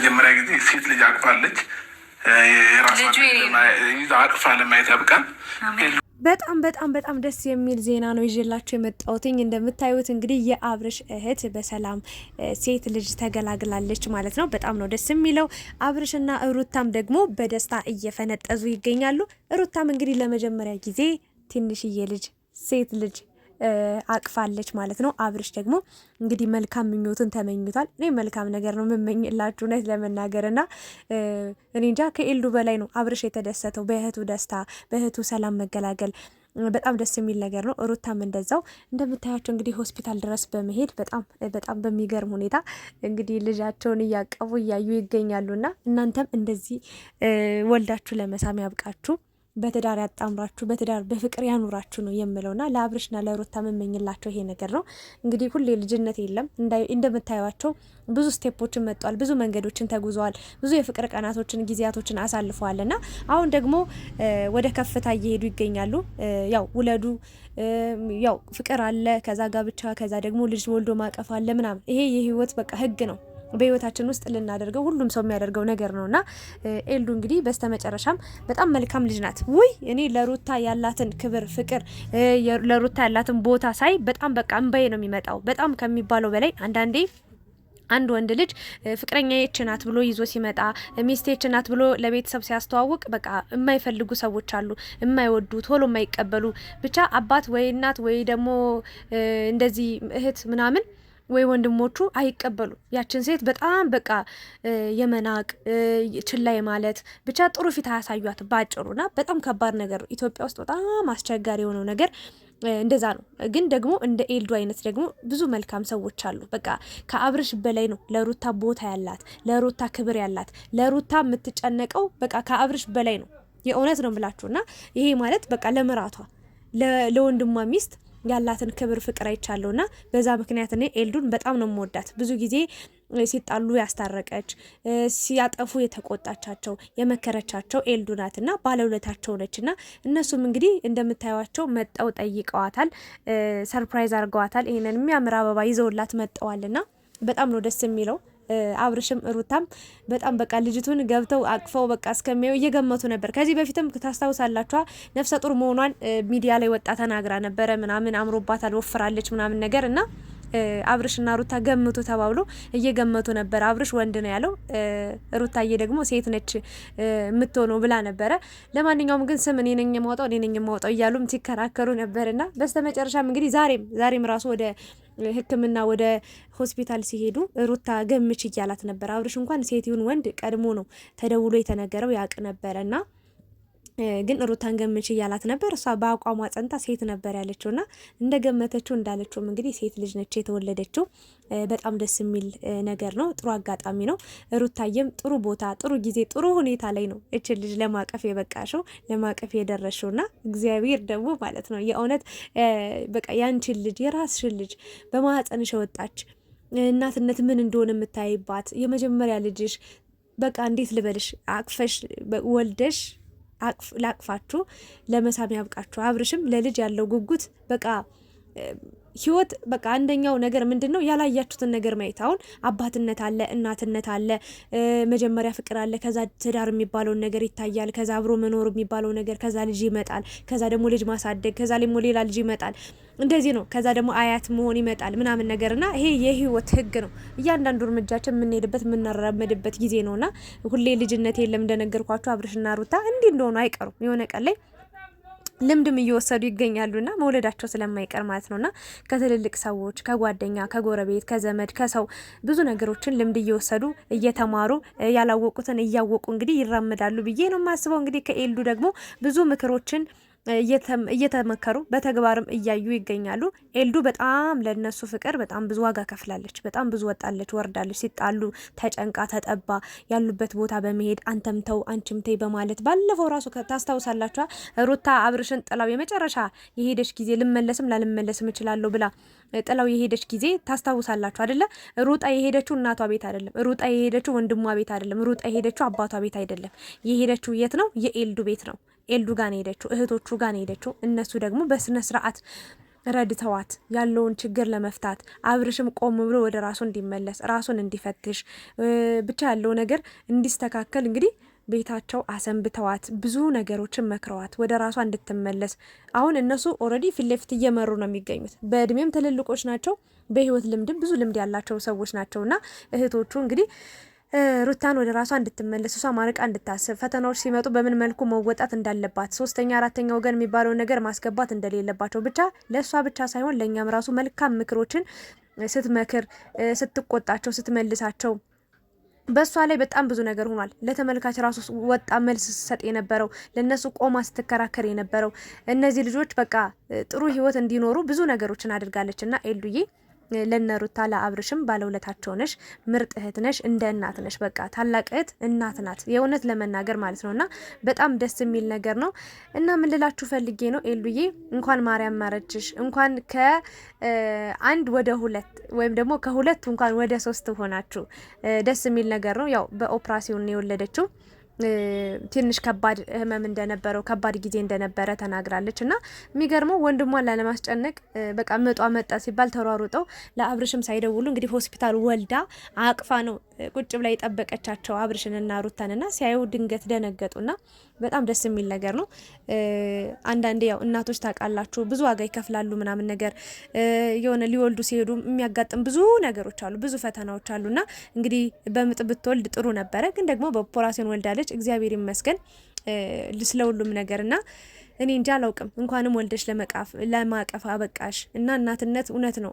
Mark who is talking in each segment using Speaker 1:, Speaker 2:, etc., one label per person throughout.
Speaker 1: ለመጀመሪያ ጊዜ ሴት ልጅ አቅፋለች። የራሷ አቅፋ ለማየት ያብቃል።
Speaker 2: በጣም በጣም በጣም ደስ የሚል ዜና ነው ይዤላቸው የመጣሁትኝ። እንደምታዩት እንግዲህ የአብርሽ እህት በሰላም ሴት ልጅ ተገላግላለች ማለት ነው። በጣም ነው ደስ የሚለው። አብርሽና ሩታም ደግሞ በደስታ እየፈነጠዙ ይገኛሉ። ሩታም እንግዲህ ለመጀመሪያ ጊዜ ትንሽዬ ልጅ ሴት ልጅ አቅፋለች ማለት ነው። አብርሽ ደግሞ እንግዲህ መልካም ምኞትን ተመኝቷል። እኔ መልካም ነገር ነው የምመኝላችሁ እውነት ለመናገር እና እኔ እንጃ ከኤልዱ በላይ ነው አብርሽ የተደሰተው በእህቱ ደስታ፣ በእህቱ ሰላም መገላገል በጣም ደስ የሚል ነገር ነው። ሩታም እንደዛው እንደምታያቸው እንግዲህ ሆስፒታል ድረስ በመሄድ በጣም በጣም በሚገርም ሁኔታ እንግዲህ ልጃቸውን እያቀቡ እያዩ ይገኛሉና እናንተም እንደዚህ ወልዳችሁ ለመሳም ያብቃችሁ። በትዳር ያጣምራችሁ በትዳር በፍቅር ያኑራችሁ ነው የምለውና ለአብርሽና ለሩታ መመኝላቸው ይሄ ነገር ነው። እንግዲህ ሁሌ ልጅነት የለም። እንደምታዩቸው ብዙ ስቴፖችን መጥተዋል፣ ብዙ መንገዶችን ተጉዘዋል፣ ብዙ የፍቅር ቀናቶችን ጊዜያቶችን አሳልፈዋልና አሁን ደግሞ ወደ ከፍታ እየሄዱ ይገኛሉ። ያው ውለዱ፣ ያው ፍቅር አለ፣ ከዛ ጋብቻ፣ ከዛ ደግሞ ልጅ ወልዶ ማቀፍ አለ ምናምን። ይሄ የህይወት በቃ ህግ ነው። በህይወታችን ውስጥ ልናደርገው ሁሉም ሰው የሚያደርገው ነገር ነው እና ኤልዱ እንግዲህ በስተመጨረሻም በጣም መልካም ልጅ ናት። ውይ እኔ ለሩታ ያላትን ክብር፣ ፍቅር ለሩታ ያላትን ቦታ ሳይ በጣም በቃ እንባዬ ነው የሚመጣው በጣም ከሚባለው በላይ አንዳንዴ አንድ ወንድ ልጅ ፍቅረኛ ናት ብሎ ይዞ ሲመጣ ሚስቴ ናት ብሎ ለቤተሰብ ሲያስተዋውቅ በቃ የማይፈልጉ ሰዎች አሉ፣ የማይወዱ ቶሎ የማይቀበሉ ብቻ አባት ወይ እናት ወይ ደግሞ እንደዚህ እህት ምናምን ወይ ወንድሞቹ አይቀበሉ ያችን ሴት በጣም በቃ የመናቅ ችላ ማለት ብቻ ጥሩ ፊት አያሳዩት ባጭሩና በጣም ከባድ ነገር ነው። ኢትዮጵያ ውስጥ በጣም አስቸጋሪ የሆነው ነገር እንደዛ ነው። ግን ደግሞ እንደ ኤልዱ አይነት ደግሞ ብዙ መልካም ሰዎች አሉ። በቃ ከአብርሽ በላይ ነው ለሩታ ቦታ ያላት፣ ለሩታ ክብር ያላት፣ ለሩታ የምትጨነቀው በቃ ከአብርሽ በላይ ነው። የእውነት ነው ብላችሁ እና ይሄ ማለት በቃ ለምራቷ ለወንድሟ ሚስት ያላትን ክብር ፍቅር አይቻለሁ ና በዛ ምክንያት እኔ ኤልዱን በጣም ነው የምወዳት። ብዙ ጊዜ ሲጣሉ ያስታረቀች፣ ሲያጠፉ የተቆጣቻቸው፣ የመከረቻቸው ኤልዱ ናት ና ባለውለታቸው ነች ና እነሱም እንግዲህ እንደምታዩቸው መጠው ጠይቀዋታል፣ ሰርፕራይዝ አድርገዋታል። ይህንን የሚያምር አበባ ይዘውላት መጠዋል ና በጣም ነው ደስ የሚለው። አብርሽም ሩታም በጣም በቃ ልጅቱን ገብተው አቅፈው በቃ እስከሚያዩ እየገመቱ ነበር። ከዚህ በፊትም ታስታውሳላችኋ ነፍሰ ጡር መሆኗን ሚዲያ ላይ ወጣ ተናግራ ነበረ ምናምን አምሮባታል፣ ወፍራለች ምናምን ነገር እና አብርሽና ሩታ ገምቱ ተባብሎ እየገመቱ ነበር። አብርሽ ወንድ ነው ያለው፣ ሩታዬ ደግሞ ሴት ነች የምትሆነው ብላ ነበረ። ለማንኛውም ግን ስም እኔ ነኝ የማውጣው እኔ ነኝ የማውጣው እያሉም ሲከራከሩ ነበርና በስተመጨረሻም እንግዲህ ዛሬም ዛሬም ራሱ ወደ ሕክምና ወደ ሆስፒታል ሲሄዱ ሩታ ገምች እያላት ነበር። አብርሽ እንኳን ሴት ይሁን ወንድ ቀድሞ ነው ተደውሎ የተነገረው ያውቅ ነበረና ግን ሩታን ገምች እያላት ነበር። እሷ በአቋሟ ጸንታ ሴት ነበር ያለችውና እንደገመተችው እንዳለችውም እንግዲህ ሴት ልጅ ነች የተወለደችው። በጣም ደስ የሚል ነገር ነው። ጥሩ አጋጣሚ ነው። ሩታየም ጥሩ ቦታ፣ ጥሩ ጊዜ፣ ጥሩ ሁኔታ ላይ ነው እች ልጅ ለማቀፍ የበቃሽው ለማቀፍ የደረሽውና እግዚአብሔር ደግሞ ማለት ነው የእውነት በቃ ያንቺን ልጅ የራስሽን ልጅ በማህፀንሽ ወጣች እናትነት ምን እንደሆነ የምታይባት የመጀመሪያ ልጅሽ በቃ እንዴት ልበልሽ አቅፈሽ ወልደሽ ላቅፋችሁ ለመሳም ያብቃችሁ። አብርሽም ለልጅ ያለው ጉጉት በቃ ህይወት በቃ አንደኛው ነገር ምንድን ነው ያላያችሁትን ነገር ማየት። አሁን አባትነት አለ፣ እናትነት አለ፣ መጀመሪያ ፍቅር አለ፣ ከዛ ትዳር የሚባለውን ነገር ይታያል፣ ከዛ አብሮ መኖር የሚባለው ነገር፣ ከዛ ልጅ ይመጣል፣ ከዛ ደግሞ ልጅ ማሳደግ፣ ከዛ ደግሞ ሌላ ልጅ ይመጣል። እንደዚህ ነው። ከዛ ደግሞ አያት መሆን ይመጣል ምናምን ነገርና ይሄ የህይወት ህግ ነው። እያንዳንዱ እርምጃችን የምንሄድበት የምናራመድበት ጊዜ ነውና ሁሌ ልጅነት የለም። እንደነገርኳቸው አብርሽና ሩታ እንዲህ እንደሆኑ አይቀሩም የሆነ ቀን ላይ ልምድም እየወሰዱ ይገኛሉና መውለዳቸው ስለማይቀር ማለት ነውና ከትልልቅ ሰዎች ከጓደኛ፣ ከጎረቤት፣ ከዘመድ፣ ከሰው ብዙ ነገሮችን ልምድ እየወሰዱ እየተማሩ ያላወቁትን እያወቁ እንግዲህ ይራመዳሉ ብዬ ነው የማስበው። እንግዲህ ከኤልዱ ደግሞ ብዙ ምክሮችን እየተመከሩ በተግባርም እያዩ ይገኛሉ። ኤልዱ በጣም ለነሱ ፍቅር በጣም ብዙ ዋጋ ከፍላለች። በጣም ብዙ ወጣለች፣ ወርዳለች። ሲጣሉ ተጨንቃ ተጠባ ያሉበት ቦታ በመሄድ አንተም ተው አንቺም ተይ በማለት ባለፈው ራሱ ታስታውሳላችኋ ሩታ አብርሽን ጥላው የመጨረሻ የሄደች ጊዜ ልመለስም ላልመለስም እችላለሁ ብላ ጥላው የሄደች ጊዜ ታስታውሳላችሁ አደለ? ሩጣ የሄደችው እናቷ ቤት አይደለም። ሩጣ የሄደችው ወንድሟ ቤት አይደለም። ሩጣ የሄደችው አባቷ ቤት አይደለም። የሄደችው የት ነው? የኤልዱ ቤት ነው። ኤልዱ ጋር ሄደችው፣ እህቶቹ ጋር ሄደችው። እነሱ ደግሞ በስነ ስርዓት ረድተዋት ያለውን ችግር ለመፍታት አብርሽም ቆም ብሎ ወደ ራሱ እንዲመለስ ራሱን እንዲፈትሽ ብቻ ያለው ነገር እንዲስተካከል እንግዲህ ቤታቸው አሰንብተዋት ብዙ ነገሮችን መክረዋት ወደ ራሷ እንድትመለስ አሁን እነሱ ኦልሬዲ ፊት ለፊት እየመሩ ነው የሚገኙት። በእድሜም ትልልቆች ናቸው። በህይወት ልምድም ብዙ ልምድ ያላቸው ሰዎች እና እህቶቹ እንግዲህ ሩታን ወደ ራሷ እንድትመለስ እሷ ማርቃ እንድታስብ ፈተናዎች ሲመጡ በምን መልኩ መወጣት እንዳለባት ሶስተኛ አራተኛ ወገን የሚባለውን ነገር ማስገባት እንደሌለባቸው ብቻ ለእሷ ብቻ ሳይሆን ለእኛም ራሱ መልካም ምክሮችን ስትመክር ስትቆጣቸው ስትመልሳቸው በእሷ ላይ በጣም ብዙ ነገር ሆኗል። ለተመልካች ራሱ ወጣ መልስ ስትሰጥ የነበረው ለእነሱ ቆማ ስትከራከር የነበረው እነዚህ ልጆች በቃ ጥሩ ህይወት እንዲኖሩ ብዙ ነገሮችን አድርጋለች እና ኤልዱዬ ለነሩታ ለአብርሽም ባለውለታቸው ነሽ፣ ምርጥ እህት ነሽ፣ እንደ እናት ነሽ። በቃ ታላቅ እህት እናት ናት፣ የእውነት ለመናገር ማለት ነው። እና በጣም ደስ የሚል ነገር ነው። እና ምን ልላችሁ ፈልጌ ነው ኤሉዬ፣ እንኳን ማርያም ማረችሽ፣ እንኳን ከአንድ ወደ ሁለት ወይም ደግሞ ከሁለቱ እንኳን ወደ ሶስት ሆናችሁ ደስ የሚል ነገር ነው። ያው በኦፕራሲዮን የወለደችው ትንሽ ከባድ ህመም እንደነበረው ከባድ ጊዜ እንደነበረ ተናግራለች። እና የሚገርመው ወንድሟን ላለማስጨነቅ በቃ ምጧ መጣ ሲባል ተሯሩጠው ለአብርሽም ሳይደውሉ እንግዲህ ሆስፒታል ወልዳ አቅፋ ነው ቁጭ ብላ የጠበቀቻቸው አብርሽንና ሩታንና ሲያዩ ድንገት ደነገጡና በጣም ደስ የሚል ነገር ነው። አንዳንዴ ያው እናቶች ታውቃላችሁ ብዙ ዋጋ ይከፍላሉ ምናምን ነገር የሆነ ሊወልዱ ሲሄዱ የሚያጋጥም ብዙ ነገሮች አሉ፣ ብዙ ፈተናዎች አሉ እና እንግዲህ በምጥ ብትወልድ ጥሩ ነበረ፣ ግን ደግሞ በኦፕራሲዮን ወልዳለች። እግዚአብሔር ይመስገን ስለ ሁሉም ነገርና እኔ እንጂ አላውቅም። እንኳንም ወልደሽ ለመቃፍ ለማቀፍ አበቃሽ እና እናትነት እውነት ነው።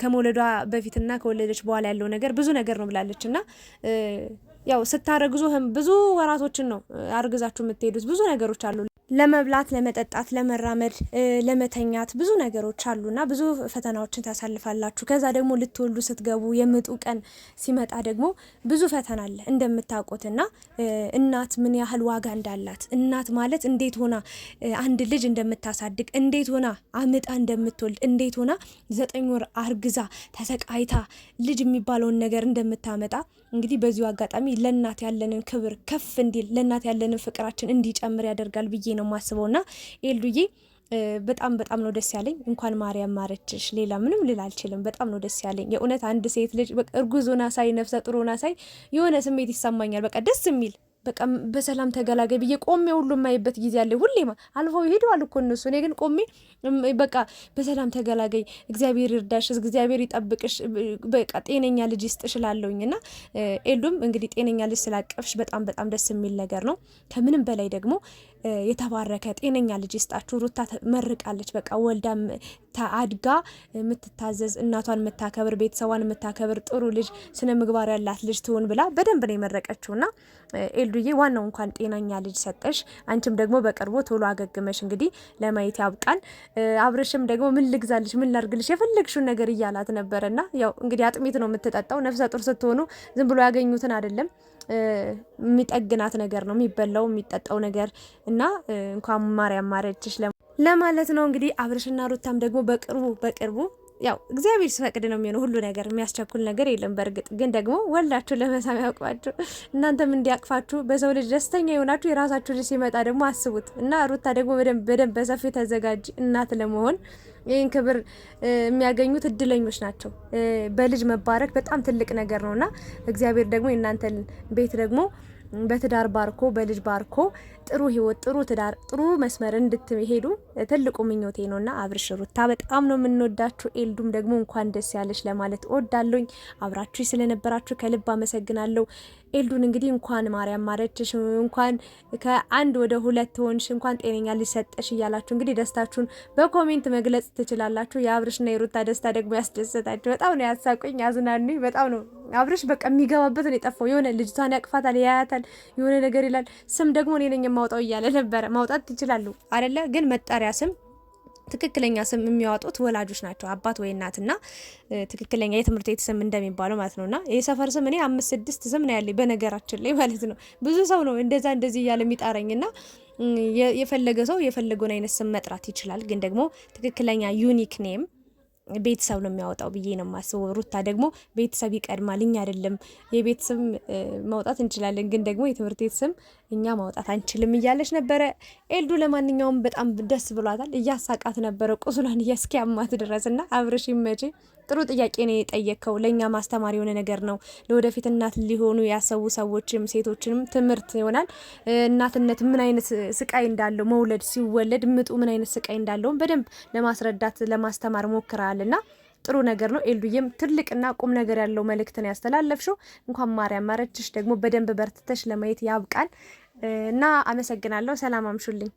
Speaker 2: ከመውለዷ በፊትና ከወለደች በኋላ ያለው ነገር ብዙ ነገር ነው ብላለች እና ያው ስታረግዙ ብዙ ወራቶችን ነው አርግዛችሁ የምትሄዱት። ብዙ ነገሮች አሉ ለመብላት፣ ለመጠጣት፣ ለመራመድ፣ ለመተኛት ብዙ ነገሮች አሉና ብዙ ፈተናዎችን ታሳልፋላችሁ። ከዛ ደግሞ ልትወልዱ ስትገቡ የምጡ ቀን ሲመጣ ደግሞ ብዙ ፈተና አለ እንደምታውቁትና እናት ምን ያህል ዋጋ እንዳላት እናት ማለት እንዴት ሆና አንድ ልጅ እንደምታሳድግ እንዴት ሆና አምጣ እንደምትወልድ እንዴት ሆና ዘጠኝ ወር አርግዛ ተሰቃይታ ልጅ የሚባለውን ነገር እንደምታመጣ እንግዲህ በዚሁ አጋጣሚ ለእናት ያለንን ክብር ከፍ እንዲል ለእናት ያለንን ፍቅራችን እንዲጨምር ያደርጋል ብዬ ነው ማስበው እና ኤልዱዬ በጣም በጣም ነው ደስ ያለኝ። እንኳን ማርያም ማረችሽ። ሌላ ምንም ልል አልችልም። በጣም ነው ደስ ያለኝ። የእውነት አንድ ሴት ልጅ እርጉዞና ሳይ ነፍሰ ጥሩና ሳይ የሆነ ስሜት ይሰማኛል። በቃ ደስ የሚል በቃ በሰላም ተገላገይ ብዬ ቆሜ ሁሉ የማይበት ጊዜ አለ። ሁሌ አልፈው ይሄደዋል እኮ እነሱ። እኔ ግን ቆሜ በቃ በሰላም ተገላገይ፣ እግዚአብሔር ይርዳሽ፣ እግዚአብሔር ይጠብቅሽ፣ በቃ ጤነኛ ልጅ ይስጥሽ እላለሁኝ። እና ኤሉም እንግዲህ ጤነኛ ልጅ ስላቀፍሽ በጣም በጣም ደስ የሚል ነገር ነው። ከምንም በላይ ደግሞ የተባረከ ጤነኛ ልጅ ይስጣችሁ። ሩታ መርቃለች። በቃ ወልዳ አድጋ የምትታዘዝ እናቷን የምታከብር ቤተሰቧን የምታከብር ጥሩ ልጅ ስነ ምግባር ያላት ልጅ ትሆን ብላ በደንብ ነው የመረቀችውና ሄልዱዬ ዋናው እንኳን ጤናኛ ልጅ ሰጠሽ። አንቺም ደግሞ በቅርቡ ቶሎ አገግመሽ እንግዲህ ለማየት ያብቃን። አብረሽም ደግሞ ምን ልግዛልሽ፣ ምን ላርግልሽ የፈለግሽውን ነገር እያላት ነበረ ና ያው እንግዲህ አጥሚት ነው የምትጠጣው። ነፍሰ ጡር ስትሆኑ ዝም ብሎ ያገኙትን አይደለም የሚጠግናት ነገር ነው የሚበላው የሚጠጣው ነገር እና እንኳን ማርያም ማረችሽ ለማለት ነው እንግዲህ አብረሽና ሩታም ደግሞ በቅርቡ በቅርቡ ያው እግዚአብሔር ሲፈቅድ ነው የሚሆነው ሁሉ ነገር፣ የሚያስቸኩል ነገር የለም። በእርግጥ ግን ደግሞ ወልዳችሁ ለመሳም ያውቅባችሁ፣ እናንተም እንዲያቅፋችሁ በሰው ልጅ ደስተኛ የሆናችሁ የራሳችሁ ልጅ ሲመጣ ደግሞ አስቡት እና ሩታ ደግሞ በደንብ በሰፊው ተዘጋጅ እናት ለመሆን ይህን ክብር የሚያገኙት እድለኞች ናቸው። በልጅ መባረክ በጣም ትልቅ ነገር ነውና እግዚአብሔር ደግሞ የእናንተን ቤት ደግሞ በትዳር ባርኮ በልጅ ባርኮ ጥሩ ህይወት፣ ጥሩ ትዳር፣ ጥሩ መስመር እንድትሄዱ ትልቁ ምኞቴ ነውና አብርሽ ሩታ በጣም ነው የምንወዳችሁ። ኤልዱም ደግሞ እንኳን ደስ ያለሽ ለማለት እወዳለሁኝ። አብራችሁ ስለነበራችሁ ከልብ አመሰግናለሁ። ኤልዱን እንግዲህ እንኳን ማርያም ማረችሽ፣ እንኳን ከአንድ ወደ ሁለት ሆንሽ፣ እንኳን ጤነኛ ሊሰጠሽ እያላችሁ እንግዲህ ደስታችሁን በኮሜንት መግለጽ ትችላላችሁ። የአብርሽና የሩታ ደስታ ደግሞ ያስደሰታችሁ በጣም ነው ያሳቁኝ፣ ያዝናኑኝ። በጣም ነው አብርሽ በቃ የሚገባበት ነው የጠፋው። የሆነ ልጅቷን ያቅፋታል፣ ያያታል፣ የሆነ ነገር ይላል። ስም ደግሞ እኔ ነኝ የማውጣው እያለ ነበረ። ማውጣት ትችላሉ አደለ? ግን መጠሪያ ስም ትክክለኛ ስም የሚያወጡት ወላጆች ናቸው፣ አባት ወይ እናትና ትክክለኛ የትምህርት ቤት ስም እንደሚባለው ማለት ነውና የሰፈር ስም እኔ አምስት ስድስት ስም ነው ያለኝ በነገራችን ላይ ማለት ነው። ብዙ ሰው ነው እንደዛ እንደዚህ እያለ የሚጣረኝና የፈለገ ሰው የፈለገውን አይነት ስም መጥራት ይችላል። ግን ደግሞ ትክክለኛ ዩኒክ ኔም ቤተሰብ ነው የሚያወጣው ብዬ ነው የማስበው። ሩታ ደግሞ ቤተሰብ ይቀድማል፣ እኛ አይደለም። የቤተሰብ ማውጣት እንችላለን፣ ግን ደግሞ የትምህርት ቤት ስም እኛ ማውጣት አንችልም እያለች ነበረ። ኤልዱ ለማንኛውም በጣም ደስ ብሏታል፣ እያሳቃት ነበረ ቁስሏን እያስኪያማት ድረስ እና አብረሽ ይመቼ ጥሩ ጥያቄ ነው የጠየቅከው። ለእኛ ማስተማር የሆነ ነገር ነው። ለወደፊት እናት ሊሆኑ ያሰቡ ሰዎችም ሴቶችንም ትምህርት ይሆናል። እናትነት ምን አይነት ስቃይ እንዳለው መውለድ፣ ሲወለድ ምጡ ምን አይነት ስቃይ እንዳለውም በደንብ ለማስረዳት ለማስተማር እና ጥሩ ነገር ነው። ኤልዱዬም ትልቅና ቁም ነገር ያለው መልእክትን ያስተላለፍሽው እንኳን ማርያም ማረችሽ። ደግሞ በደንብ በርትተሽ ለማየት ያብቃን እና አመሰግናለሁ። ሰላም አምሹልኝ።